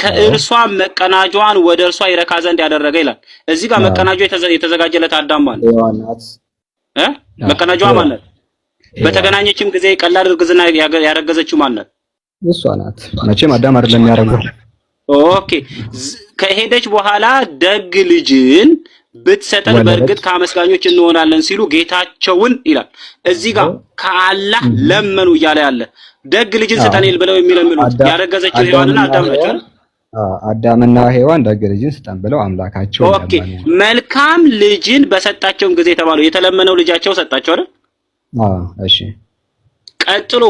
ከእርሷ መቀናጇን ወደ እርሷ ይረካ ዘንድ ያደረገ ይላል። እዚህ ጋር መቀናጇ የተዘጋጀለት አዳም ማለት እ መቀናጇ ማለት በተገናኘችም ጊዜ ቀላል እርግዝና ያረገዘችው ማለት እሷ ናት። መቼም አዳም አይደለም የሚያረገው። ኦኬ ከሄደች በኋላ ደግ ልጅን ብትሰጠን በእርግጥ ከአመስጋኞች እንሆናለን ሲሉ ጌታቸውን ይላል። እዚህ ጋር ከአላህ ለመኑ እያለ ያለ ደግ ልጅን ስጠን ብለው የሚለምኑት ያረገዘችው ሔዋንና አዳም ናቸው። አዳምና ሔዋን ደግ ልጅን ስጠን ብለው አምላካቸው ኦኬ፣ መልካም ልጅን በሰጣቸውን ጊዜ የተባለው የተለመነው ልጃቸው ሰጣቸው አይደል? እሺ፣ ቀጥሎ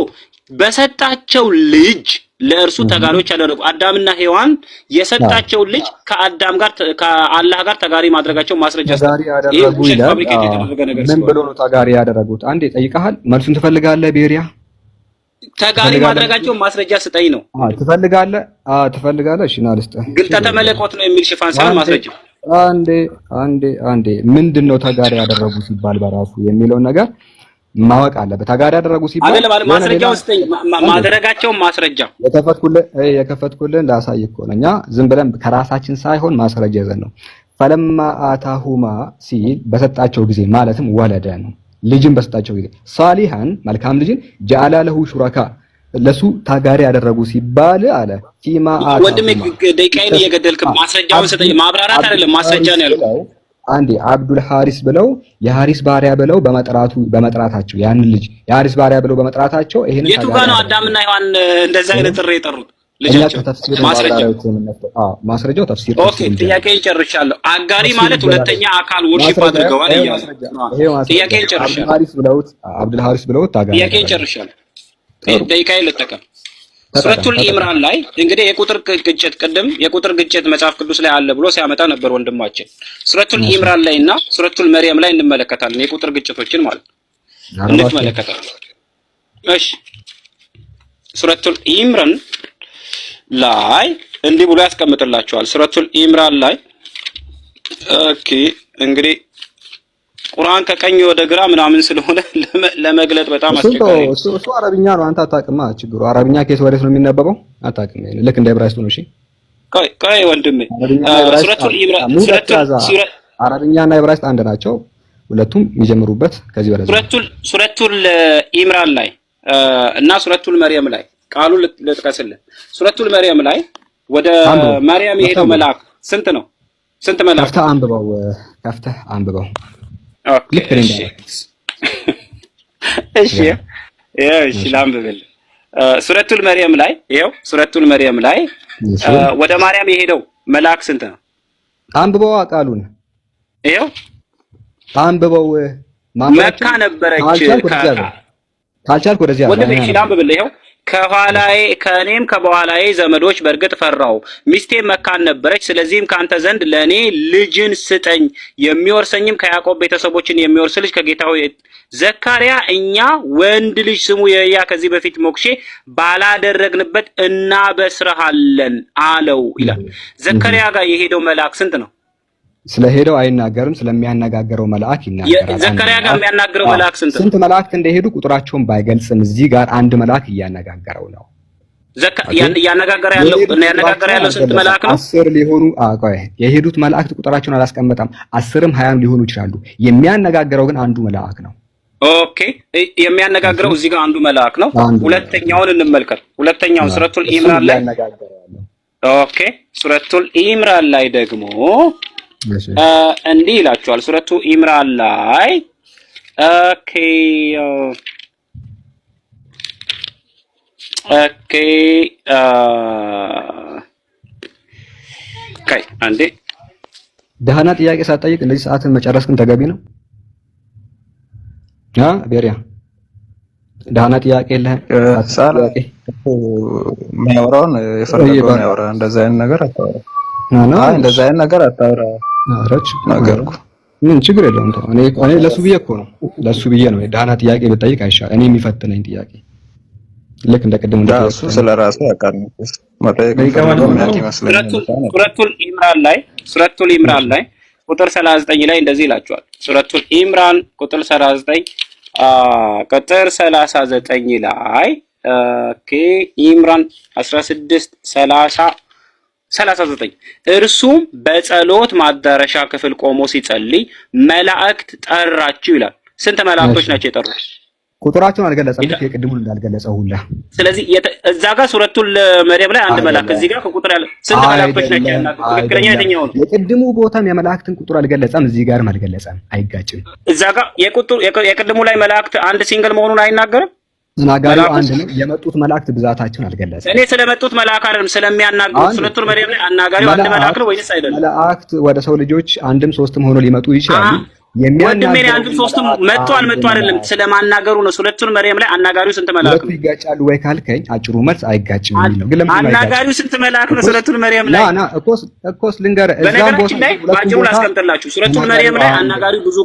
በሰጣቸው ልጅ ለእርሱ ተጋሪዎች ያደረጉ አዳምና ሔዋን የሰጣቸውን ልጅ ከአዳም ጋር ከአላህ ጋር ተጋሪ ማድረጋቸው ማስረጃ ተጋሪ ያደረጉ ይላል። ምን ብሎ ነው ተጋሪ ያደረጉት? አንዴ ጠይቀሃል? መልሱን ትፈልጋለህ ቤሪያ? ተጋሪ ማድረጋቸው ማስረጃ ስጠኝ ነው ትፈልጋለህ? ትፈልጋለህ? እሺ ና ልስጠ። ግን ተተመለኮት ነው የሚል ሽፋን ሳይሆን ማስረጃ። አንዴ አንዴ አንዴ ምንድን ነው ተጋሪ ያደረጉ ሲባል በራሱ የሚለውን ነገር ማወቅ አለበት። ተጋሪ ያደረጉ ሲባል አይደለም፣ ማስረጃው ስጠኝ። ማድረጋቸውን ማስረጃ የከፈትኩልህ የከፈትኩልህ ላሳይህ እኮ ነው። እኛ ዝም ብለን ከራሳችን ሳይሆን ማስረጃ ይዘን ነው። ፈለማ አታሁማ ሲል በሰጣቸው ጊዜ ማለትም ወለደ ነው ልጅን በሰጣቸው ጊዜ ሳሊሃን መልካም ልጅን ጃአላ ለሁ ሹራካ ለሱ ታጋሪ ያደረጉ ሲባል አለ ፊማ አታ ወንድሜ ደቂቃዬን እየገደልክ ማስረጃውን ሰጠኝ። ማብራራት አይደለም ማስረጃ ነው ያልኩት። አንዴ አብዱል ሐሪስ ብለው የሐሪስ ባሪያ ብለው በመጥራቱ በመጥራታቸው ያንን ልጅ የሐሪስ ባሪያ ብለው በመጥራታቸው ይሄን ታጋሪ የቱ ጋር ነው አዳምና ሔዋን እንደዛ አይነት ጥሪ የጠሩት? ማስረጃው ተፍሲር። ኦኬ ጥያቄ ይጨርሻለሁ። አጋሪ ማለት ሁለተኛ አካል ወርሺፕ አድርገዋል እያለ ጥያቄ ይጨርሻለሁ። አብዱል ሀሪስ ብለውት አጋሪ ጥያቄ ይጨርሻለሁ። ደቂቃዬ ልጠቀም። ሱረቱል ኢምራን ላይ እንግዲህ የቁጥር ግጭት ቅድም የቁጥር ግጭት መጽሐፍ ቅዱስ ላይ አለ ብሎ ሲያመጣ ነበር ወንድማችን። ሱረቱል ኢምራን ላይ እና ሱረቱል መርየም ላይ እንመለከታለን። የቁጥር ግጭቶችን ማለት እንመለከታለን። እሺ ሱረቱል ኢምራን ላይ እንዲህ ብሎ ያስቀምጥላቸዋል። ሱረቱል ኢምራን ላይ ኦኬ። እንግዲህ ቁርአን ከቀኝ ወደ ግራ ምናምን ስለሆነ ለመግለጥ በጣም አስቸጋሪ ነው። እሱ አረብኛ ነው። አንተ አታውቅማ። ችግሩ አረብኛ ኬስ ወዴት ነው የሚነበበው? አታውቅም። ልክ እንደ ዕብራይስጡ ነው። እሺ ቆይ ቆይ ወንድሜ፣ ሱረቱል ኢምራን አረብኛ እና ዕብራይስጥ አንድ ናቸው። ሁለቱም የሚጀምሩበት ከዚህ ወደ ሱረቱል ኢምራን ላይ እና ሱረቱል መርየም ላይ ቃሉ ልጥቀስልህ። ሱረቱል መርየም ላይ ወደ ማርያም የሄደው መልአክ ስንት ነው? ስንት መልአክ? ከፍተህ አንብበው፣ ከፍተህ አንብበው። እሺ፣ እሺ፣ ላንብብልህ። ሱረቱል መርየም ላይ ይኸው፣ ሱረቱል መርየም ላይ ወደ ማርያም የሄደው መልአክ ስንት ነው? አንብበዋ፣ ቃሉን ይኸው፣ አንብበው። መካ ነበረች። ካልቻልክ ላንብብልህ፣ ይኸው ከኋላዬ ከእኔም ከበኋላዬ ዘመዶች በእርግጥ ፈራው። ሚስቴ መካን ነበረች። ስለዚህም ከአንተ ዘንድ ለእኔ ልጅን ስጠኝ፣ የሚወርሰኝም ከያዕቆብ ቤተሰቦችን የሚወርስ ልጅ ከጌታ ዘካርያ እኛ ወንድ ልጅ ስሙ የያ ከዚህ በፊት ሞክሼ ባላደረግንበት እናበስረሃለን አለው ይላል። ዘካርያ ጋር የሄደው መልአክ ስንት ነው? ስለሄደው አይናገርም። ስለሚያነጋገረው መልአክ ይናገራል። ዘካርያ ጋር የሚያናገረው መልአክ ስንት ስንት መላእክት እንደሄዱ ቁጥራቸውን ባይገልጽም እዚህ ጋር አንድ መልአክ እያነጋገረው ነው። እያነጋገረ ያለው ያለው ስንት መልአክ ነው? አስር ሊሆኑ የሄዱት ቁጥራቸውን አላስቀመጠም። አስርም ሀያም ሊሆኑ ይችላሉ። የሚያነጋግረው ግን አንዱ መልአክ ነው። ኦኬ የሚያነጋግረው እዚህ ጋር አንዱ መልአክ ነው። ሁለተኛውን እንመልከት። ሱረቱል ኢምራን ላይ ኦኬ ሱረቱል ኢምራን ላይ ደግሞ እንዲህ ይላችኋል ሱረቱ ኢምራን ላይ አንዴ ደህና ጥያቄ ሳትጠይቅ እንደዚህ ሰዓትን መጨረስ ግን ተገቢ ነው። ቤሪያ ደህና ጥያቄ የለህም። የሚያወራውን የፈለገውን ያወራ። አይነት ነገር አታወራ። አይ አይነት ነገር አታወራ። ነገርኩ። ምን ችግር የለውም። እኔ እኔ ለሱ ብዬ እኮ ነው ለሱ ብዬ ነው ዳና ጥያቄ ብጠይቅ አይሻልም? እኔ የሚፈትነኝ ጥያቄ ልክ እንደ ቅድም እንደ እሱ ስለ ራሱ ያውቃል። ሱረቱል ኢምራን ላይ ቁጥር 39 ላይ እንደዚህ ይላቸዋል። ሱረቱል ኢምራን ቁጥር 39 ቁጥር 39 ላይ ኦኬ ኢምራን 16 30 39 እርሱም በጸሎት ማዳረሻ ክፍል ቆሞ ሲጸልይ መላእክት ጠራችሁ ይላል። ስንት መላእክቶች ናቸው የጠሩት? ቁጥራቸውን አልገለጸም። የቅድሙን እንዳልገለጸ ሁላ። ስለዚህ እዛ ጋር ሱረቱል መርየም ላይ አንድ መልአክ፣ እዚህ ጋር ከቁጥር ያለ ስንት መልአክቶች ናቸው? ትክክለኛ የትኛው ነው? የቅድሙ ቦታም የመላእክትን ቁጥር አልገለጸም፣ እዚህ ጋርም አልገለጸም። አይጋጭም። እዛ ጋር የቁጥር የቅድሙ ላይ መላእክት አንድ ሲንግል መሆኑን አይናገርም። ተናጋሪው አንድ ነው። የመጡት መላእክት ብዛታቸውን አልገለጸም። እኔ ስለመጡት መላእክ አይደለም ስለሚያናግሩት ስለቱር መሪም ላይ አናጋሪው አንድ መላእክ ነው ወይስ አይደለም? መላእክት ወደ ሰው ልጆች አንድም ሶስትም ሆኖ ሊመጡ ይችላሉ። ወንድሜ አንዱም ሶስቱም መጥቶ አልመጡ አይደለም ስለማናገሩ ነው። ሁለቱን መርየም ላይ አናጋሪው ስንት መልአክ ነው? ይጋጫሉ ወይ ካልከኝ አጭሩ መልስ አይጋጭም። አናጋሪው ስንት መልአክ ነው? ሁለቱን መርየም ላይ ና እኮስ እኮስ በነገራችን ላይ ባጭሩ ላስቀምጥላችሁ። ሁለቱን መርየም ላይ አናጋሪው ብዙ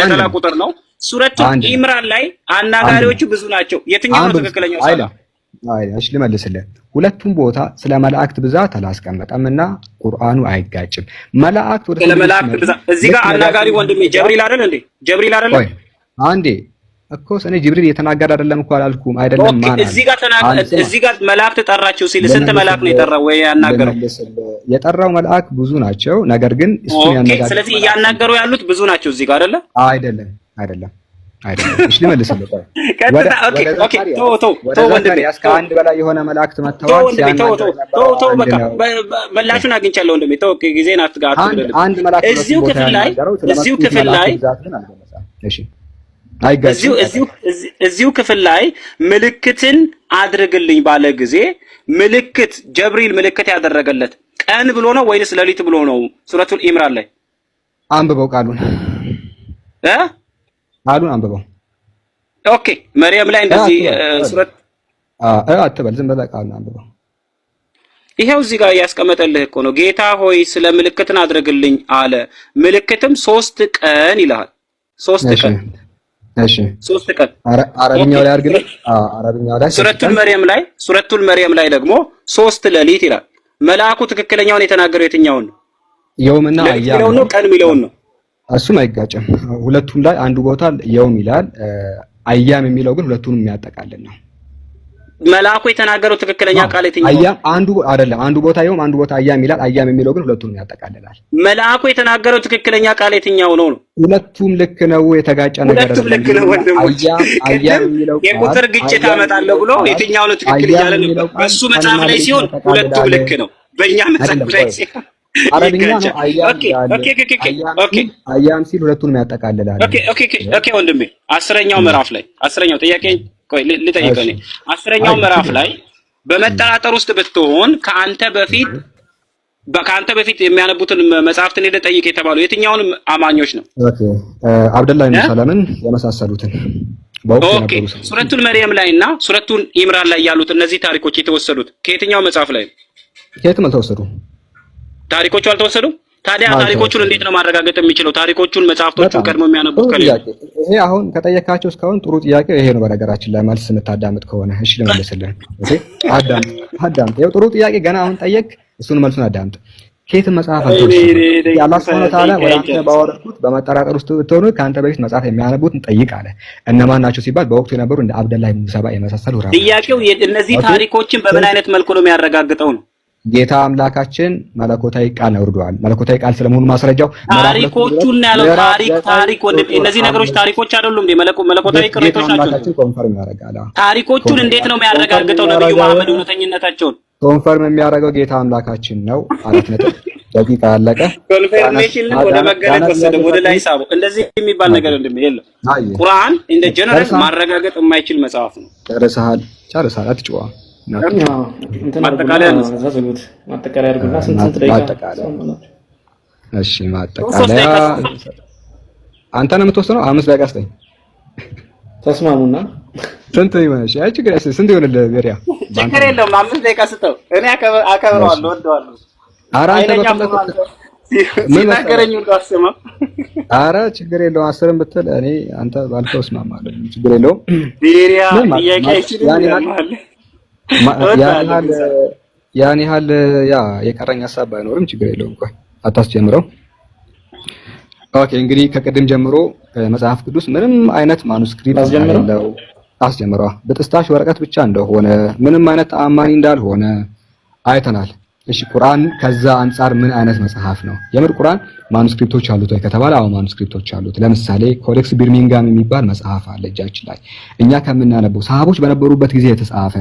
ነጠላ ቁጥር ነው። ሱረቱን ኢምራን ላይ አናጋሪዎቹ ብዙ ናቸው። የትኛው ነው ትክክለኛው? አይ እሺ ልመልስልህ ሁለቱም ቦታ ስለ መላእክት ብዛት አላስቀመጠም እና ቁርአኑ አይጋጭም። መላእክት ወደ መላእክት ብዛት እዚህ ጋር አናጋሪ ወንድሜ ጀብሪል አይደል እንዴ? ጀብሪል አይደል አንዴ እኮ እኔ ጅብሪል እየተናገረ አይደለም እኮ አላልኩም። አይደለም ማን እዚህ ጋር ተናገረ። እዚህ ጋር መላእክት ጠራችሁ ሲል ስንት መላእክት ነው የጠራው? ወይ ያናገረው የጠራው መላእክ ብዙ ናቸው። ነገር ግን እሱ ያናገረው ስለዚህ እያናገሩ ያሉት ብዙ ናቸው። እዚህ ጋር አይደለ አይደለም አይደለም አይደለም ልመልስልህ። ከአንድ በላይ የሆነ መላእክት መላሹን አግኝቻለሁ ወንድሜ። ተው እዚሁ ክፍል ላይ እዚሁ ክፍል ላይ እዚሁ ክፍል ላይ ምልክትን አድርግልኝ ባለ ጊዜ ምልክት ጀብሪል ምልክት ያደረገለት ቀን ብሎ ነው ወይንስ ሌሊት ብሎ ነው? ሱረቱል ኢምራን ላይ አንብበው ቃሉን እ አሉን አንብበው። ኦኬ መርየም ላይ እንደዚህ ሱረት አትበል፣ ዝም በላ ቃሉን አንብበው። ይሄው እዚህ ጋር እያስቀመጠልህ እኮ ነው። ጌታ ሆይ ስለ ምልክትን አድርግልኝ አለ። ምልክትም ሶስት ቀን ይልሃል። ሶስት ቀን እሺ፣ ሶስት ቀን አረብኛው ላይ አድርግልኝ። አረብኛው ላይ ሱረቱል መርየም ላይ ሱረቱል መርየም ላይ ደግሞ ሶስት ሌሊት ይላል። መልአኩ ትክክለኛውን የተናገረው የትኛውን ነው? የውምና አያ ነው ቀን የሚለውን ነው እሱም አይጋጭም። ሁለቱም ላይ አንዱ ቦታ የውም ይላል፣ አያም የሚለው ግን ሁለቱንም የሚያጠቃልል ነው። መልአኩ የተናገረው ትክክለኛ ቃል የትኛው? አያም አንዱ አይደለም፣ አንዱ ቦታ የውም፣ አንዱ ቦታ አያም ይላል። አያም የሚለው ግን ሁለቱንም ያጠቃልላል። መልአኩ የተናገረው ትክክለኛ ቃል የትኛው ነው? ሁለቱም ልክ ነው። የተጋጨ ነገር ሁለቱም ልክ ነው። ወንድሞች አያም የሚለው የቁጥር ግጭት አመጣለሁ ብሎ የትኛው ነው ትክክለኛ ያለ ነው? እሱ መጽሐፍ ላይ ሲሆን ሁለቱም ልክ ነው፣ በእኛ መጽሐፍ ላይ ሲሆን አያም ሲል ሁለቱንም ያጠቃልላል። ኦኬ ወንድሜ፣ አስረኛው ምዕራፍ ላይ አስረኛው ጥያቄ ልጠይቀው እኔ አስረኛው ምዕራፍ ላይ በመጠራጠር ውስጥ ብትሆን ከአንተ በፊት ከአንተ በፊት የሚያነቡትን መጽሐፍትን ሄደህ ጠይቅ የተባለው የትኛውን አማኞች ነው? አብደላ ኢብኑ ሰላምን የመሳሰሉትን ሱረቱን መርየም ላይ እና ሱረቱን ኢምራን ላይ ያሉት እነዚህ ታሪኮች የተወሰዱት ከየትኛው መጽሐፍ ላይ ነው? ከየትም አልተወሰዱም። ታሪኮቹ አልተወሰዱም። ታዲያ ታሪኮቹን እንዴት ነው ማረጋገጥ የሚችለው? ታሪኮቹን መጽሐፍቶቹን ቀድሞ የሚያነቡት ከሌለ ይሄ አሁን ከጠየካቸው እስካሁን ጥሩ ጥያቄ ይሄ ነው። በነገራችን ላይ መልስ የምታዳምጥ ከሆነ እሺ፣ ልመልስልህ። አዳምጥ፣ አዳምጥ። ይኸው ጥሩ ጥያቄ ገና አሁን ጠየቅ፣ እሱን መልሱን አዳምጥ። ከየት መጽሐፍ አላህ ስብሐ ወተዓላ ወደ አንተ ባወረድኩት በመጠራጠር ውስጥ ብትሆኑ ከአንተ በፊት መጽሐፍ የሚያነቡትን ጠይቅ አለ። እነማን ናቸው ሲባል በወቅቱ የነበሩ እንደ አብደላህ ብን ሰባ የመሳሰሉ ራ ጥያቄው እነዚህ ታሪኮችን በምን አይነት መልኩ ነው የሚያረጋግጠው ነው ጌታ አምላካችን መለኮታዊ ቃል አውርዷል። መለኮታዊ ቃል ስለመሆኑ ማስረጃው ታሪኮቹን ያለው ታሪክ ታሪክ ወንድም፣ እነዚህ ነገሮች ታሪኮች አይደሉም እንዴ? መለኮታዊ ቅሬቶች ናቸው። ኮንፈርም ያደርጋል። ታሪኮቹን እንዴት ነው የሚያረጋግጠው? ነብዩ መሐመድ እውነተኝነታቸውን ኮንፈርም የሚያደርገው ጌታ አምላካችን ነው። አራት ነጥብ። ደቂቃ አለቀ። ኮንፈርሜሽን ወደ መገለጥ ወሰደ፣ ወደ ላይ ሳበው። እንደዚህ የሚባል ነገር ወንድም የለም። ቁርአን እንደ ጀነራል ማረጋገጥ የማይችል መጽሐፍ ነው። ጨርሰሃል፣ ጨርሰሃል። አትጭዋ ማጠቃለያ እሺ ማጠቃለያ አንተ ነው የምትወስነው። አምስት ደቂቃ ስጠኝ። ተስማሙና ስንት ይሆናል? አይ ችግር አይደለም። ስንት ይሆናል? ችግር የለውም። አምስት ደቂቃ ስጠው። እኔ አከብረዋለሁ፣ ኧረ ችግር የለውም። አስርም ብትል እኔ አንተ ባልከው እስማማለሁ። ችግር የለውም። ሪያ ጥያቄ አይችልም ያን ያህል ያ የቀረኝ ሀሳብ ባይኖርም ችግር የለውም። እንኳን አታስጀምረው። ኦኬ እንግዲህ ከቅድም ጀምሮ መጽሐፍ ቅዱስ ምንም አይነት ማኑስክሪፕት ያለው አስጀምረዋ በጥስታሽ ወረቀት ብቻ እንደሆነ ምንም አይነት ተአማኒ እንዳልሆነ አይተናል። እሺ ቁርአን ከዛ አንጻር ምን አይነት መጽሐፍ ነው? የምር ቁርአን ማኑስክሪፕቶች አሉት ወይ ከተባለ አዎ ማኑስክሪፕቶች አሉት። ለምሳሌ ኮዴክስ ቢርሚንጋም የሚባል መጽሐፍ አለ እጃችን ላይ እኛ ከምናነበው ሰሃቦች በነበሩበት ጊዜ የተጻፈ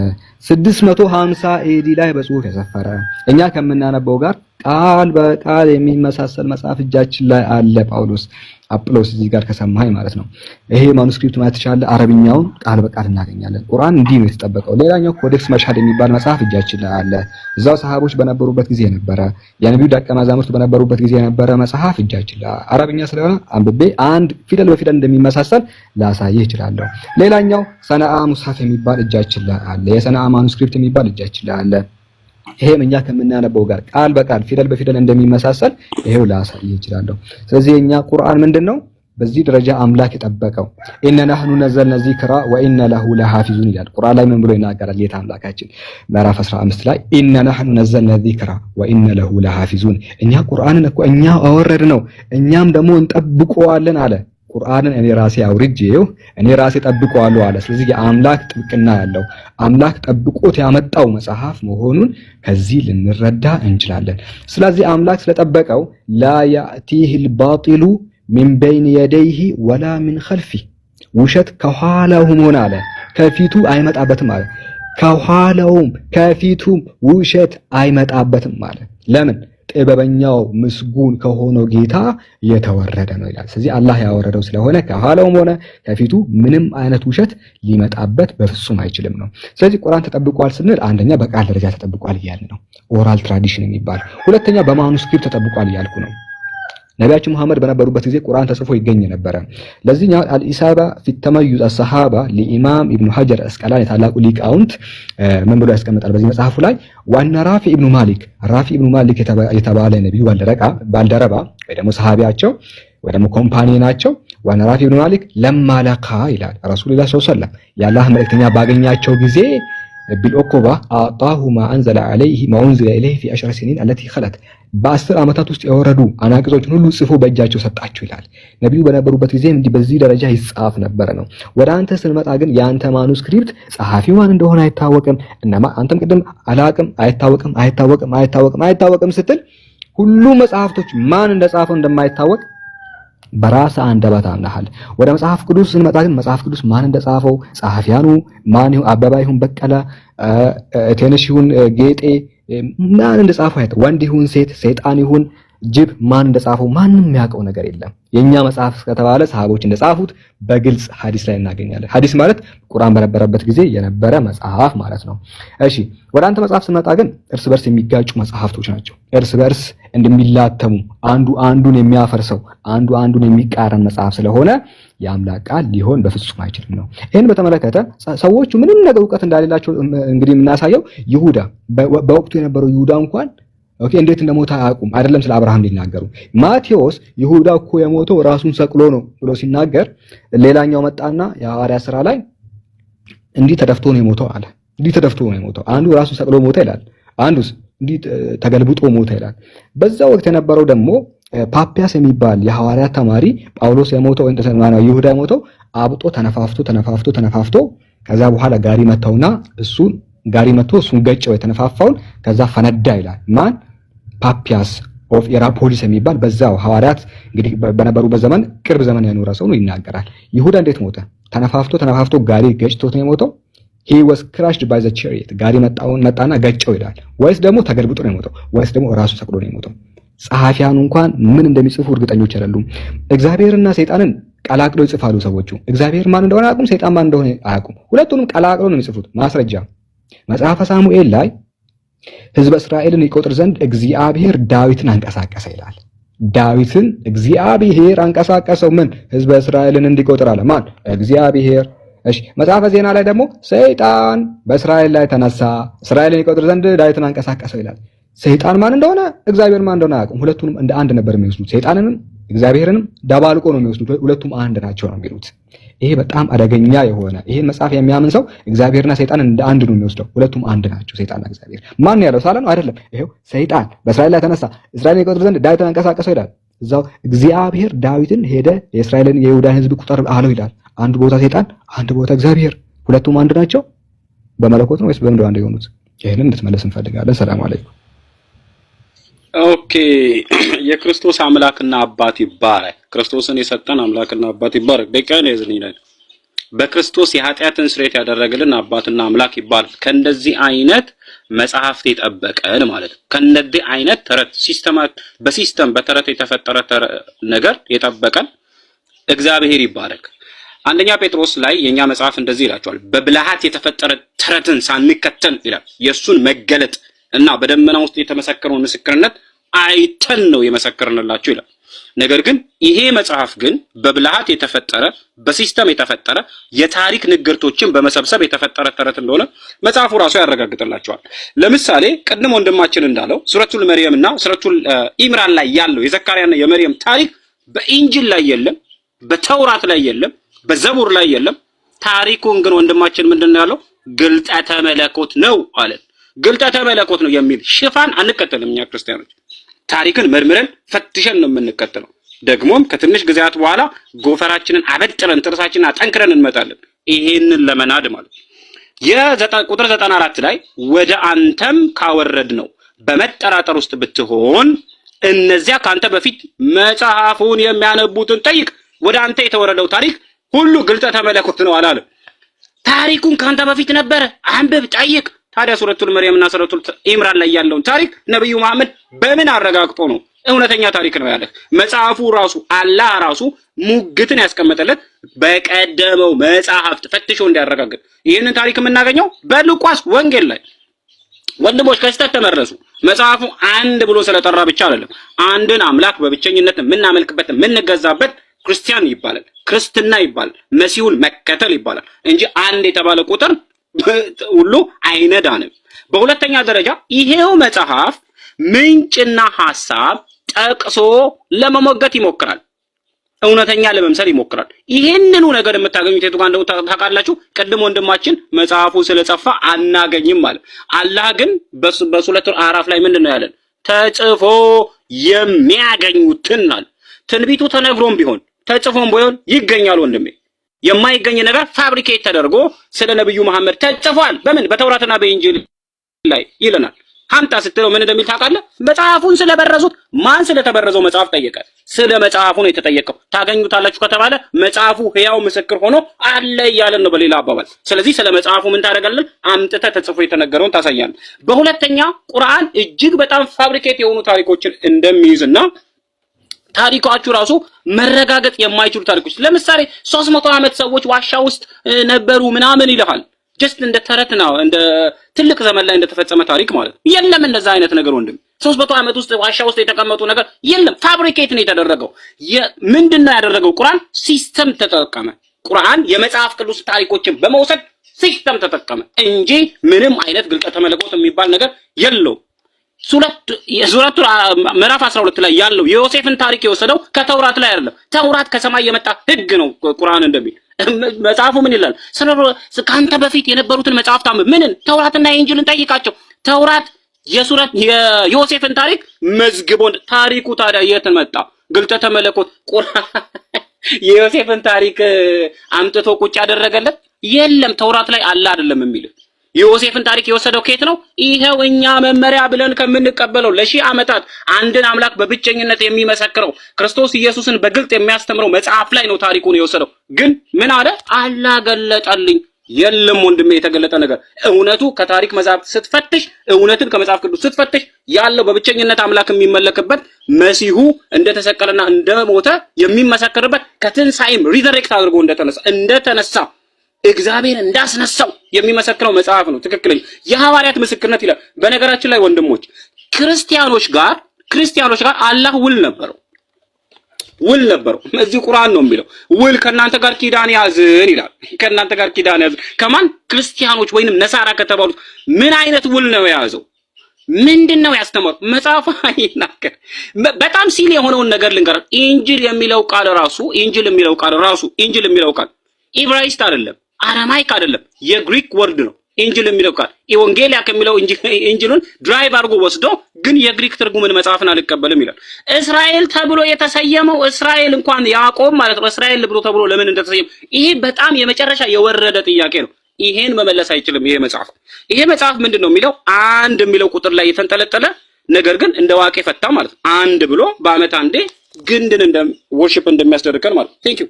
650 ኤዲ ላይ በጽሁፍ የሰፈረ እኛ ከምናነበው ጋር ቃል በቃል የሚመሳሰል መጽሐፍ እጃችን ላይ አለ ጳውሎስ አጵሎስ እዚህ ጋር ከሰማኸኝ ማለት ነው። ይሄ ማኑስክሪፕት ማለት ትችላለህ። አረብኛውን ቃል በቃል እናገኛለን። ቁርአን እንዲህ ነው የተጠበቀው። ሌላኛው ኮዴክስ መሻድ የሚባል መጽሐፍ እጃችን ላይ አለ። እዛው ሰሃቦች በነበሩበት ጊዜ ነበረ፣ የነቢዩ ደቀ መዛሙርት በነበሩበት ጊዜ የነበረ መጽሐፍ እጃችን ላይ አረብኛ ስለሆነ አንብቤ አንድ ፊደል በፊደል እንደሚመሳሰል ላሳይህ እችላለሁ። ሌላኛው ሰነአ ሙስሐፍ የሚባል እጃችን ላይ አለ። የሰነአ ማኑስክሪፕት የሚባል እጃችን ላይ አለ። ይሄም እኛ ከምናነበው ጋር ቃል በቃል ፊደል በፊደል እንደሚመሳሰል ይሄው ላሳይ እችላለሁ። ስለዚህ የኛ ቁርአን ምንድን ነው? በዚህ ደረጃ አምላክ የጠበቀው ኢና ናህኑ ነዘልና ዚክራ ወኢና ለሁ ለሐፊዙን ይላል። ቁርአን ላይ ምን ብሎ ይናገራል? ጌታ አምላካችን ምዕራፍ 15 ላይ ኢና ናህኑ ነዘልና ዚክራ ወኢና ለሁ ለሐፊዙን፣ እኛ ቁርአንን እኮ እኛ አወረድ ነው እኛም ደግሞ እንጠብቀዋለን አለ። ቁርአንን እኔ ራሴ አውርጄው እኔ ራሴ ጠብቀዋለሁ አለ። ስለዚህ የአምላክ ጥብቅና ያለው አምላክ ጠብቆት ያመጣው መጽሐፍ መሆኑን ከዚህ ልንረዳ እንችላለን። ስለዚህ አምላክ ስለጠበቀው ላ ያእቲህ ልባጢሉ ሚን በይን የደይህ ወላ ሚን ኸልፊ ውሸት ከኋላውም ሆነ አለ ከፊቱ አይመጣበትም አለ ከኋላውም ከፊቱም ውሸት አይመጣበትም አለ ለምን ጥበበኛው ምስጉን ከሆነው ጌታ የተወረደ ነው ይላል። ስለዚህ አላህ ያወረደው ስለሆነ ከኋላውም ሆነ ከፊቱ ምንም አይነት ውሸት ሊመጣበት በፍጹም አይችልም ነው። ስለዚህ ቁርአን ተጠብቋል ስንል አንደኛ በቃል ደረጃ ተጠብቋል እያልን ነው፣ ኦራል ትራዲሽን የሚባል ሁለተኛ በማኑስክሪፕት ተጠብቋል እያልኩ ነው። ነቢያችን መሐመድ በነበሩበት ጊዜ ቁርአን ተጽፎ ይገኝ ነበረ። ለዚህኛው አልኢሳባ ፊ ተመዩዝ አሰሃባ ለኢማም ኢብኑ ሐጀር አስቀላን የታላቁ ሊቃውንት ምን ያስቀምጣል በዚህ መጽሐፉ ላይ ዋና ራፊ ኢብኑ ማሊክ ራፊ ኢብኑ ማሊክ የተባለ ነቢዩ ባልደረባ ወይ ደግሞ ሰሃቢያቸው ወይ ደግሞ ኮምፓኒ ናቸው። ዋና ራፊ ኢብኑ ማሊክ ለማለካ ይላል ረሱሉላህ ሰለላሁ ዐለይሂ ወሰለም የአላህ መልእክተኛ ባገኛቸው ጊዜ ቢልኦኮባ አጣሁ ማአንዘለ ለይህ ማኡንዝለ ኢለይህ ፊ አሽረ ሲኒን አለቲ ኸለት በአስር ዓመታት ውስጥ የወረዱ አናቅጾችን ሁሉ ጽፎ በእጃቸው ሰጣቸው ይላል። ነቢዩ በነበሩበት ጊዜ እንዲህ በዚህ ደረጃ ይጻፍ ነበረ ነው። ወደ አንተ ስንመጣ ግን የአንተ ማኑስክሪፕት ጸሐፊው ማን እንደሆነ አይታወቅም። እናማ አንተም ቅድም አላቅም አይታወቅም አይታወቅም አይታወቅም አይታወቅም ስትል ሁሉ መጽሐፍቶች ማን እንደጻፈው እንደማይታወቅ በራስ አንደበት አምናሃል። ወደ መጽሐፍ ቅዱስ ስንመጣ ግን መጽሐፍ ቅዱስ ማን እንደጻፈው ጸሐፊያኑ ማን ይሁን አበባ ይሁን በቀለ ቴነሽ ይሁን ጌጤ ማን እንደጻፈው አይተ ወንድ ይሁን ሴት ሰይጣን ይሁን ጅብ ማን እንደጻፈው ማንም የሚያውቀው ነገር የለም። የኛ መጽሐፍ ከተባለ ሰሃቦች እንደጻፉት በግልጽ ሐዲስ ላይ እናገኛለን። ሐዲስ ማለት ቁርአን በነበረበት ጊዜ የነበረ መጽሐፍ ማለት ነው። እሺ ወደ አንተ መጽሐፍ ስንመጣ ግን እርስ በርስ የሚጋጩ መጽሐፍቶች ናቸው። እርስ በርስ እንደሚላተሙ አንዱ አንዱን የሚያፈርሰው አንዱ አንዱን የሚቃረን መጽሐፍ ስለሆነ የአምላክ ቃል ሊሆን በፍጹም አይችልም ነው። ይህን በተመለከተ ሰዎቹ ምንም ነገር እውቀት እንዳሌላቸው እንግዲህ የምናሳየው ይሁዳ በወቅቱ የነበረው ይሁዳ እንኳን ኦኬ እንዴት እንደሞተ አያውቁም። አይደለም ስለ አብርሃም ሊናገሩ ማቴዎስ ይሁዳ እኮ የሞተው ራሱን ሰቅሎ ነው ብሎ ሲናገር፣ ሌላኛው መጣና የሐዋርያት ስራ ላይ እንዲህ ተደፍቶ ነው የሞተው አለ። እንዲህ ተደፍቶ ነው የሞተው አንዱ ራሱን ሰቅሎ ሞተ ይላል። አንዱስ ተገልብጦ ሞተ ይላል። በዛ ወቅት የነበረው ደግሞ ፓፒያስ የሚባል የሐዋርያት ተማሪ ጳውሎስ የሞተው ይሁዳ የሞተው አብጦ ተነፋፍቶ ተነፋፍቶ ተነፋፍቶ ከዛ በኋላ ጋሪ መተውና እሱን ጋሪ መቶ እሱን ገጨው የተነፋፋውን ከዛ ፈነዳ ይላል። ማን ፓፒያስ ኦፍ ኢራፖሊስ የሚባል በዛው ሐዋርያት እንግዲህ በነበሩ በዘመን ቅርብ ዘመን ያኖረ ሰው ነው ይናገራል። ይሁዳ እንዴት ሞተ? ተነፋፍቶ ተነፋፍቶ ጋሪ ገጭቶት ነው የሞተው። ሂ ክራሽድ ባይ ዘ ቸሪየት ጋሪ መጣውን መጣና ገጨው ይላል። ወይስ ደግሞ ተገልብጦ ነው የሞተው? ወይስ ደግሞ ራሱ ሰቅዶ ነው የሞተው? ጸሐፊያኑ እንኳን ምን እንደሚጽፉ እርግጠኞች አይደሉም። እግዚአብሔርና ሰይጣንን ቀላቅሎ ይጽፋሉ ሰዎቹ። እግዚአብሔር ማን እንደሆነ አያውቁም፣ ሰይጣን ማን እንደሆነ አያውቁም። ሁለቱንም ቀላቅሎ ነው የሚጽፉት። ማስረጃ መጽሐፈ ሳሙኤል ላይ ህዝበ እስራኤልን ይቆጥር ዘንድ እግዚአብሔር ዳዊትን አንቀሳቀሰ ይላል። ዳዊትን እግዚአብሔር አንቀሳቀሰው። ምን ህዝበ እስራኤልን እንዲቆጥር አለ። ማን? እግዚአብሔር እሺ መጽሐፈ ዜና ላይ ደግሞ ሰይጣን በእስራኤል ላይ ተነሳ፣ እስራኤልን ይቆጥር ዘንድ ዳዊትን አንቀሳቀሰው ይላል። ሰይጣን ማን እንደሆነ እግዚአብሔር ማን እንደሆነ አያውቁም። ሁለቱንም እንደ አንድ ነበር የሚወስዱት። ሰይጣንንም እግዚአብሔርንም ደባልቆ ነው የሚወስዱት። ሁለቱም አንድ ናቸው ነው የሚሉት። ይሄ በጣም አደገኛ የሆነ ይሄን መጽሐፍ የሚያምን ሰው እግዚአብሔርና ሰይጣን እንደ አንድ ነው የሚወስደው። ሁለቱም አንድ ናቸው፣ ሰይጣንና እግዚአብሔር። ማን ያለው ሳለ ነው አይደለም። ይሄው ሰይጣን በእስራኤል ላይ ተነሳ፣ እስራኤልን ይቆጥር ዘንድ ዳዊትን አንቀሳቀሰው ይላል። እዛው እግዚአብሔር ዳዊትን ሄደ የእስራኤልን የይሁዳን ሕዝብ ቁጠር አለው ይላል። አንድ ቦታ ሰይጣን፣ አንድ ቦታ እግዚአብሔር፣ ሁለቱም አንድ ናቸው? በመለኮት ነው ወይስ በምን አንድ የሆኑት? ይሄንን እንድትመለስ እንፈልጋለን። ሰላም አለይኩም። ኦኬ። የክርስቶስ አምላክና አባት ይባረክ። ክርስቶስን የሰጠን አምላክና አባት ይባረክ። ደቂቃን ያዝን ይላል። በክርስቶስ የኃጢአትን ስርየት ያደረገልን አባትና አምላክ ይባላል። ከእንደዚህ አይነት መጽሐፍት የጠበቀን ማለት ነው። ከእንደዚህ አይነት ተረት ሲስተማት በሲስተም በተረት የተፈጠረ ነገር የጠበቀን እግዚአብሔር ይባረክ። አንደኛ ጴጥሮስ ላይ የኛ መጽሐፍ እንደዚህ ይላቸዋል። በብልሃት የተፈጠረ ተረትን ሳንከተል ይላል የእሱን መገለጥ እና በደመና ውስጥ የተመሰከረውን ምስክርነት አይተን ነው የመሰከርንላችሁ ይላል። ነገር ግን ይሄ መጽሐፍ ግን በብልሃት የተፈጠረ በሲስተም የተፈጠረ የታሪክ ንግርቶችን በመሰብሰብ የተፈጠረ ተረት እንደሆነ መጽሐፉ ራሱ ያረጋግጥላቸዋል። ለምሳሌ ቅድም ወንድማችን እንዳለው ሱረቱል መርየም እና ሱረቱል ኢምራን ላይ ያለው የዘካርያና የመርየም ታሪክ በኢንጅል ላይ የለም፣ በተውራት ላይ የለም፣ በዘቡር ላይ የለም። ታሪኩን ግን ወንድማችን ምንድን ነው ያለው? ግልጠተ መለኮት ነው አለን። ግልጠተ መለኮት ነው የሚል ሽፋን አንቀጥልም እኛ ክርስቲያኖች። ታሪክን መርምረን ፈትሸን ነው የምንቀጥለው። ደግሞም ከትንሽ ጊዜያት በኋላ ጎፈራችንን አበጥረን ጥርሳችንን አጠንክረን እንመጣለን። ይሄንን ለመናድ ማለት የቁጥር 94 ላይ ወደ አንተም ካወረድ ነው በመጠራጠር ውስጥ ብትሆን እነዚያ ከአንተ በፊት መጽሐፉን የሚያነቡትን ጠይቅ። ወደ አንተ የተወረደው ታሪክ ሁሉ ግልጸተ መለኮት ነው አላለም። ታሪኩን ከአንተ በፊት ነበረ፣ አንብብ፣ ጠይቅ። ታዲያ ሱረቱል መርየምና ሱረቱል ኢምራን ላይ ያለውን ታሪክ ነብዩ መሐመድ በምን አረጋግጦ ነው እውነተኛ ታሪክ ነው ያለ? መጽሐፉ ራሱ አላህ ራሱ ሙግትን ያስቀመጠለት በቀደመው መጽሐፍት ፈትሾ እንዲያረጋግጥ። ይህንን ታሪክ የምናገኘው በሉቃስ ወንጌል ላይ ወንድሞች ከስተት ተመረሱ። መጽሐፉ አንድ ብሎ ስለጠራ ብቻ አይደለም አንድን አምላክ በብቸኝነት የምናመልክበት የምንገዛበት ክርስቲያን ይባላል፣ ክርስትና ይባላል፣ መሲሁን መከተል ይባላል እንጂ አንድ የተባለ ቁጥር ሁሉ አይነዳንም። በሁለተኛ ደረጃ ይሄው መጽሐፍ ምንጭና ሐሳብ ጠቅሶ ለመሞገት ይሞክራል፣ እውነተኛ ለመምሰል ይሞክራል። ይሄንኑ ነገር የምታገኙት የቱ ጋር ታውቃላችሁ? ቅድም ወንድማችን መጽሐፉ ስለጸፋ አናገኝም ማለት። አላህ ግን በሱረቱል አዕራፍ ላይ ምንድን ነው ያለን? ተጽፎ የሚያገኙትን አለ። ትንቢቱ ተነግሮም ቢሆን ተጽፎም ቢሆን ይገኛል ወንድሜ። የማይገኝ ነገር ፋብሪኬት ተደርጎ ስለ ነብዩ መሐመድ ተጽፏል። በምን በተውራትና በኢንጂል ላይ ይለናል። ሀምጣ ስትለው ምን እንደሚል ታውቃለህ? መጽሐፉን ስለበረዙት። ማን ስለተበረዘው መጽሐፍ ጠየቀ? ስለ መጽሐፉ ነው የተጠየቀው። ታገኙታላችሁ ከተባለ መጽሐፉ ህያው ምስክር ሆኖ አለ እያለን ነው፣ በሌላ አባባል። ስለዚህ ስለ መጽሐፉ ምን ታደርጋለን? አምጥተህ ተጽፎ የተነገረውን ታሳያለህ። በሁለተኛ ቁርአን እጅግ በጣም ፋብሪኬት የሆኑ ታሪኮችን እንደሚይዝና ታሪኳችሁ ራሱ መረጋገጥ የማይችሉ ታሪኮች ለምሳሌ 300 ዓመት ሰዎች ዋሻ ውስጥ ነበሩ ምናምን ይልሃል። ጀስት እንደ ተረት ነው፣ እንደ ትልቅ ዘመን ላይ እንደተፈጸመ ታሪክ ማለት ነው። የለም እንደዛ አይነት ነገር ወንድም፣ 300 ዓመት ውስጥ ዋሻ ውስጥ የተቀመጡ ነገር የለም። ፋብሪኬት ነው የተደረገው። ምንድነው ያደረገው? ቁርአን ሲስተም ተጠቀመ። ቁርአን የመጽሐፍ ቅዱስ ታሪኮችን በመውሰድ ሲስተም ተጠቀመ እንጂ ምንም አይነት ግልጠተ መለኮት የሚባል ነገር የለው። ሱረቱ ምዕራፍ 12 ላይ ያለው የዮሴፍን ታሪክ የወሰደው ከተውራት ላይ አይደለም። ተውራት ከሰማይ የመጣ ህግ ነው። ቁርአን እንደሚል መጽሐፉ ምን ይላል? ከአንተ በፊት የነበሩትን መጽሐፍት ምንን ተውራትና ኢንጂልን ጠይቃቸው። ተውራት የሱረት የዮሴፍን ታሪክ መዝግቦን ታሪኩ ታዲያ የት መጣ? ግልጠተ መለኮት ቁርአን የዮሴፍን ታሪክ አምጥቶ ቁጭ ያደረገለት የለም። ተውራት ላይ አለ አይደለም የሚል የዮሴፍን ታሪክ የወሰደው ከየት ነው? ይሄው እኛ መመሪያ ብለን ከምንቀበለው ለሺህ ዓመታት አንድን አምላክ በብቸኝነት የሚመሰክረው ክርስቶስ ኢየሱስን በግልጥ የሚያስተምረው መጽሐፍ ላይ ነው ታሪኩን የወሰደው። ግን ምን አለ? አላገለጠልኝ። የለም ወንድሜ፣ የተገለጠ ነገር እውነቱ ከታሪክ መጽሐፍ ስትፈትሽ፣ እውነትን ከመጽሐፍ ቅዱስ ስትፈትሽ ያለው በብቸኝነት አምላክ የሚመለክበት መሲሁ እንደተሰቀለና እንደሞተ የሚመሰክርበት ከትንሣኤም ሪዘሬክት አድርጎ እንደተነሳ እንደተነሳ እግዚአብሔር እንዳስነሳው የሚመሰክረው መጽሐፍ ነው። ትክክለኛ የሐዋርያት ምስክርነት ይላል። በነገራችን ላይ ወንድሞች ክርስቲያኖች ጋር ክርስቲያኖች ጋር አላህ ውል ነበረው ውል ነበረው። እዚህ ቁርአን ነው የሚለው ውል ከእናንተ ጋር ኪዳን ያዝን ይላል። ከእናንተ ጋር ኪዳን ያዝን ከማን ክርስቲያኖች ወይንም ነሳራ ከተባሉት ምን አይነት ውል ነው የያዘው? ምንድን ነው ያስተማሩ? መጽሐፉ በጣም ሲል የሆነውን ነገር ልንገራችሁ። ኢንጅል የሚለው ቃል ራሱ ኢንጅል የሚለው ቃል ራሱ ኢንጅል የሚለው ቃል ኢብራይስት አይደለም አረማይክ አይደለም፣ የግሪክ ወርድ ነው። ኢንጅል የሚለው ቃል ኢወንጌሊያ ከሚለው ኢንጅሉን ድራይቭ አድርጎ ወስዶ ግን የግሪክ ትርጉምን መጽሐፍን አልቀበልም ይላል። እስራኤል ተብሎ የተሰየመው እስራኤል እንኳን ያዕቆብ ማለት ነው። እስራኤል ብሎ ተብሎ ለምን እንደተሰየመ ይሄ በጣም የመጨረሻ የወረደ ጥያቄ ነው። ይሄን መመለስ አይችልም ይሄ መጽሐፍ። ይሄ መጽሐፍ ምንድን ነው የሚለው አንድ የሚለው ቁጥር ላይ የተንጠለጠለ ነገር ግን እንደ ዋቄ ፈታ ማለት ነው። አንድ ብሎ በአመት አንዴ ግንድን እንደ ወርሺፕ እንደሚያስደርገን ማለት ቴንክ ዩ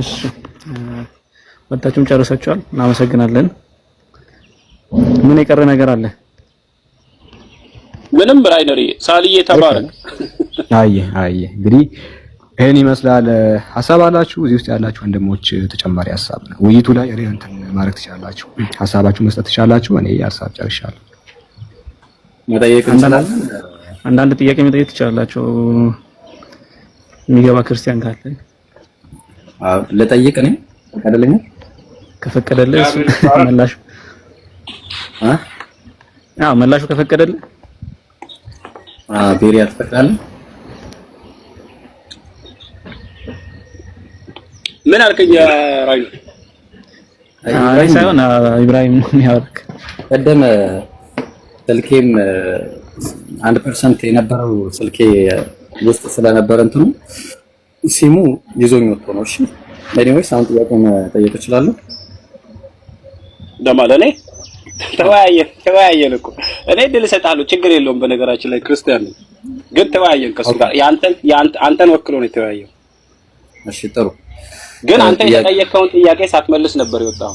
እሺ ወጣችሁም ጨርሳችኋል። እናመሰግናለን። ምን የቀረ ነገር አለ? ምንም ራይነሪ ሳልዬ ተባረክ። አይ አይ እንግዲህ ይህን ይመስላል። ሀሳብ አላችሁ እዚህ ውስጥ ያላችሁ ወንድሞች ተጨማሪ ሀሳብ ነው። ውይይቱ ላይ እኔ እንትን ማድረግ ትችላላችሁ፣ ሀሳባችሁ መስጠት ትችላላችሁ። እኔ ሀሳብ ጨርሻለሁ። መጠየቅ እንችላለን። አንዳንድ ጥያቄ መጠየቅ ትችላላችሁ፣ የሚገባ ክርስቲያን ካለ ልጠይቅ እኔ ፈቀደልኝ። እሱ መላሹ አ አዎ መላሹ ከፈቀደልህ አ ምን አልከኝ? ራዩ አይ ሳይሆን ኢብራሂም ነው ቀደም ስልኬም አንድ ፐርሰንት የነበረው ስልኬ ውስጥ ስለነበረ እንትኑ ሲሙ ይዞኝ ወጥቶ ነው። እሺ ኤኒዌይስ አሁን ጥያቄ መጠየቅ እችላለሁ። ለማለት እኔ ተወያየን ተወያየን እኮ እኔ ድል እሰጥሃለሁ፣ ችግር የለውም። በነገራችን ላይ ክርስቲያን ነው፣ ግን ተወያየን ከሱ ጋር አንተን ወክሎ ነው የተወያየው። እሺ ጥሩ። ግን አንተ የተጠየቀውን ጥያቄ ሳትመልስ ነበር የወጣው።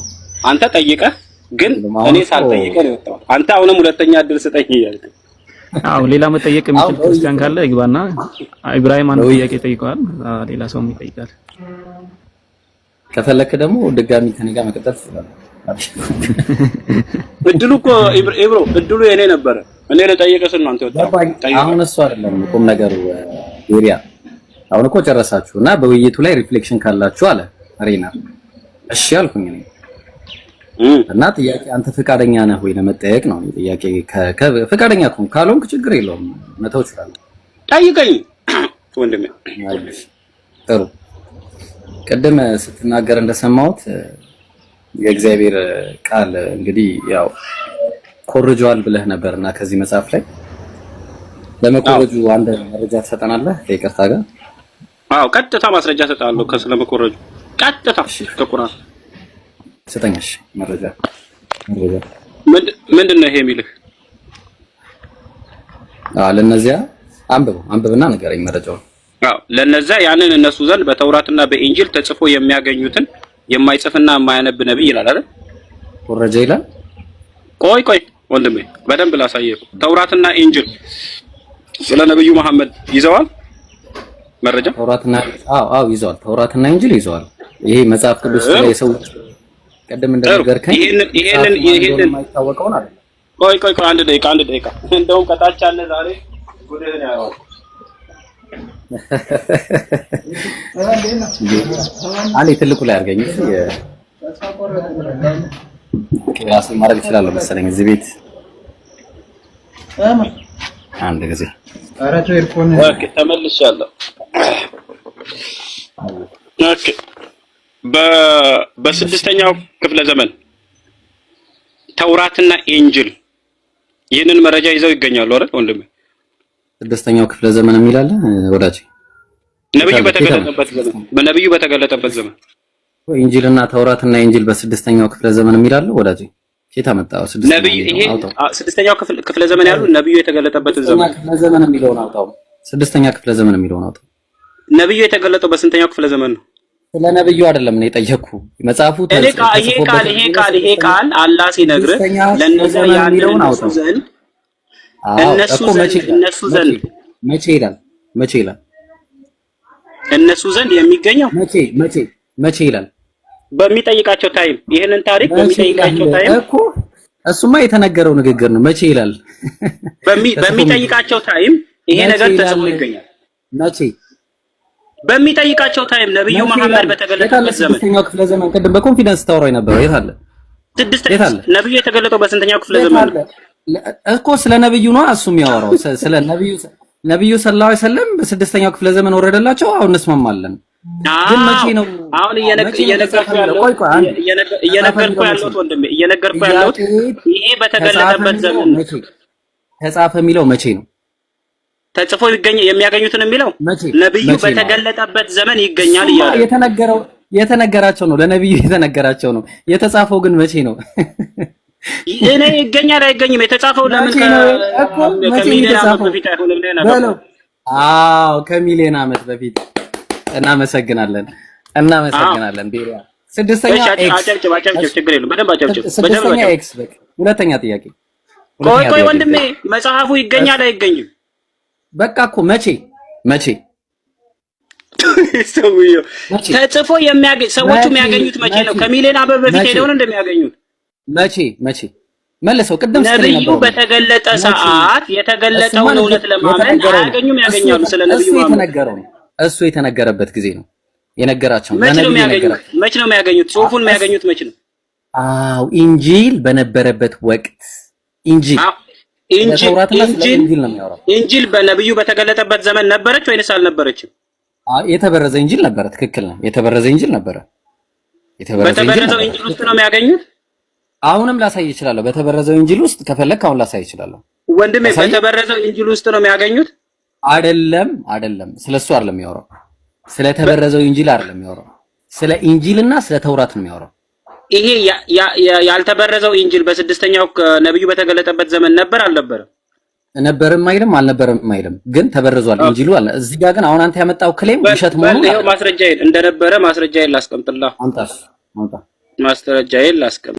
አንተ ጠይቀህ ግን እኔ ሳልጠይቀህ ነው የወጣው። አንተ አሁንም ሁለተኛ ድል ስጠኝ እያልክ አዎ ሌላ መጠየቅ የሚችል ክርስቲያን ካለ ይግባና። ኢብራሂም አንድ ጥያቄ ጠይቀዋል። ሌላ ሰውም ይጠይቃል። ከፈለክ ደግሞ ድጋሚ ከኔ ጋር መቀጠል ትችላለህ። እድሉ እኮ ኢብሮ እድሉ የኔ ነበረ። እኔ ለጠየቀ ስል ነው አንተ ወጣው። አሁን እሱ አይደለም ቁም ነገሩ ኤሪያ። አሁን እኮ ጨረሳችሁ እና በውይይቱ ላይ ሪፍሌክሽን ካላችሁ አለ አሬና። እሺ አልኩኝ እኔ እና ጥያቄ አንተ ፈቃደኛ ነህ ወይ ለመጠየቅ ነው ጥያቄ። ፈቃደኛ ከሆንክ ካልሆንክ ችግር የለውም መተው ይችላል። ጠይቀኝ ወንድሜ። ጥሩ። ቅድም ስትናገር እንደሰማሁት የእግዚአብሔር ቃል እንግዲህ ያው ኮርጇል ብለህ ነበር እና ከዚህ መጽሐፍ ላይ ለመኮረጁ አንድ መረጃ ትሰጠናለህ ከይቅርታ ጋር? አዎ ቀጥታ ማስረጃ እሰጥሃለሁ። ከስለመኮረጁ ቀጥታ ከቁርአን ስጠኛሽ መረጃ መረጃ ምንድን ነው ይሄ የሚልህ? አዎ ለነዚያ አንብበው አንብብና ንገረኝ መረጃውን። አዎ ለነዚያ ያንን እነሱ ዘንድ በተውራትና በኢንጂል ተጽፎ የሚያገኙትን የማይጽፍና የማያነብ ነብይ ይላል አይደል? ኮረጀ ይላል። ቆይ ቆይ ወንድሜ በደንብ ላሳየህ። ተውራትና ኢንጂል ስለ ነብዩ መሐመድ ይዘዋል መረጃ። ተውራትና አዎ አዎ ይዘዋል። ተውራትና ኢንጂል ይዘዋል። ይሄ መጽሐፍ ቅዱስ ላይ ሰው ቀደም እንደነገርከኝ ይሄንን ይሄንን የማይታወቀውን አይደለም። ቆይ ቆይ ቆይ አንድ ደቂቃ አንድ ደቂቃ። እንደውም ከታች አለ ዛሬ ጉድህን ያወራው አንዴ ትልቁ ላይ አድርገኝ። ቅያስ ማድረግ እችላለሁ መሰለኝ እዚህ ቤት አንድ ጊዜ ተመልሻለሁ። ኦኬ በ በስድስተኛው ክፍለ ዘመን ተውራትና ኤንጅል ይህንን መረጃ ይዘው ይገኛሉ። አይደል ወንድም ስድስተኛው ክፍለ ዘመን የሚላለ ወዳጅ ነብዩ በተገለጠበት ዘመን ነብዩ በተገለጠበት ዘመን ኢንጂልና ተውራትና ኢንጂል በስድስተኛው ክፍለ ዘመን የሚላለ ወዳጅ ኬታ መጣው። ስድስተኛው ክፍለ ዘመን ያሉ ነብዩ የተገለጠበት ዘመን ክፍለ ዘመን የሚለውን አውጣው። ስድስተኛ ክፍለ ዘመን የሚለውን አውጣው። ነብዩ የተገለጠው በስንተኛው ክፍለ ዘመን ነው? ስለ ነብዩ አይደለም ነው የጠየኩ። መጽሐፉ ይሄ ቃል ይሄ ቃል ይሄ ቃል አላህ ሲነግርህ ለነዛ እነሱ ዘንድ እነሱ ዘንድ መቼ ይላል? መቼ ይላል? እነሱ ዘንድ የሚገኘው መቼ መቼ መቼ ይላል? በሚጠይቃቸው ታይም ይሄንን ታሪክ በሚጠይቃቸው ታይም እኮ እሱማ የተነገረው ንግግር ነው። መቼ ይላል? በሚጠይቃቸው ታይም ይሄ ነገር ተጽፎ ይገኛል። መቼ በሚጠይቃቸው ታይም ነብዩ መሐመድ በተገለጠበት ዘመን ክፍለ ዘመን ቅድም በኮንፊደንስ ታወራኝ ነበር። የት አለ ስድስት ነብዩ የተገለጠው በስንተኛው ክፍለ ዘመን እኮ ስለ ነብዩ ነው እሱ የሚያወራው። ስለ ነብዩ ነብዩ ሰለላሁ ዐለይሂ ወሰለም በስድስተኛው ክፍለ ዘመን ወረደላቸው። አሁን እንስማማለን። ግን መቼ ነው አሁን እየነገርኩህ ያለሁት ወንድሜ፣ እየነገርኩህ ያለሁት ይሄ በተገለጠበት ዘመን ተጻፈ የሚለው መቼ ነው? ተጽፎ ይገኝ የሚያገኙትን የሚለው ነብዩ በተገለጠበት ዘመን ይገኛል እያለ የተነገረው የተነገራቸው ነው። ለነብዩ የተነገራቸው ነው። የተጻፈው ግን መቼ ነው? እኔ ይገኛል አይገኝም። የተጻፈው ለምን ከሚሊዮን ዓመት በፊት አይሆንም? አዎ ከሚሊዮን ዓመት በፊት እናመሰግናለን፣ እናመሰግናለን። ቤሪያ ስድስተኛ ኤክስ ችግር የለውም። በደንብ አጨብጭብ። ስድስተኛ ኤክስ በቃ። ሁለተኛ ጥያቄ። ቆይ ቆይ ወንድሜ መጽሐፉ ይገኛል አይገኝም? በቃ እኮ መቼ መቼ ሰውዬው ተጽፎ የሚያገኝ ሰዎቹ የሚያገኙት መቼ ነው? ከሚሊዮን አበበ በፊት ነው እንደሚያገኙት መቼ መቼ መልሰው ቅድም ነብዩ በተገለጠ ሰዓት የተገለጠውን እውነት ለማመን አያገኙም፣ ያገኛሉ። ስለ ነብዩ የተነገረው እሱ የተነገረበት ጊዜ ነው የነገራቸው። መቼ ነው የሚያገኙት? መቼ ነው የሚያገኙት? ጽሁፉን የሚያገኙት መቼ ነው? አዎ ኢንጂል በነበረበት ወቅት ኢንጂል እንጂል በነብዩ በተገለጠበት ዘመን ነበረች ወይንስ አልነበረችም? የተበረዘ እንጂል ነበረ። ትክክል ነው። የተበረዘ እንጂል ነበረ። የተበረዘ እንጂል ውስጥ ነው የሚያገኙት። አሁንም ላሳይ ይችላለሁ። በተበረዘው እንጂል ውስጥ ከፈለክ አሁን ላሳይ ይችላለሁ። ወንድሜ በተበረዘው እንጂል ውስጥ ነው የሚያገኙት። አይደለም፣ አይደለም። ስለሱ አይደለም የሚያወራው። ስለተበረዘው እንጂል አይደለም የሚያወራው። ስለ እንጂልና ስለ ተውራት ነው የሚያወራው። ይሄ ያልተበረዘው ኢንጅል በስድስተኛው ነብዩ በተገለጠበት ዘመን ነበር አልነበረም? ነበርም አይልም አልነበርም አይልም፣ ግን ተበርዟል ኢንጂሉ አለ። እዚህ ጋር ግን አሁን አንተ ያመጣው ክሌም ውሸት መሆኑን ማስረጃ ይል እንደነበረ ማስረጃ ማስረጃዬን ላስቀምጥልህ። አምጣ ማስረጃ ይል ላስቀምጥ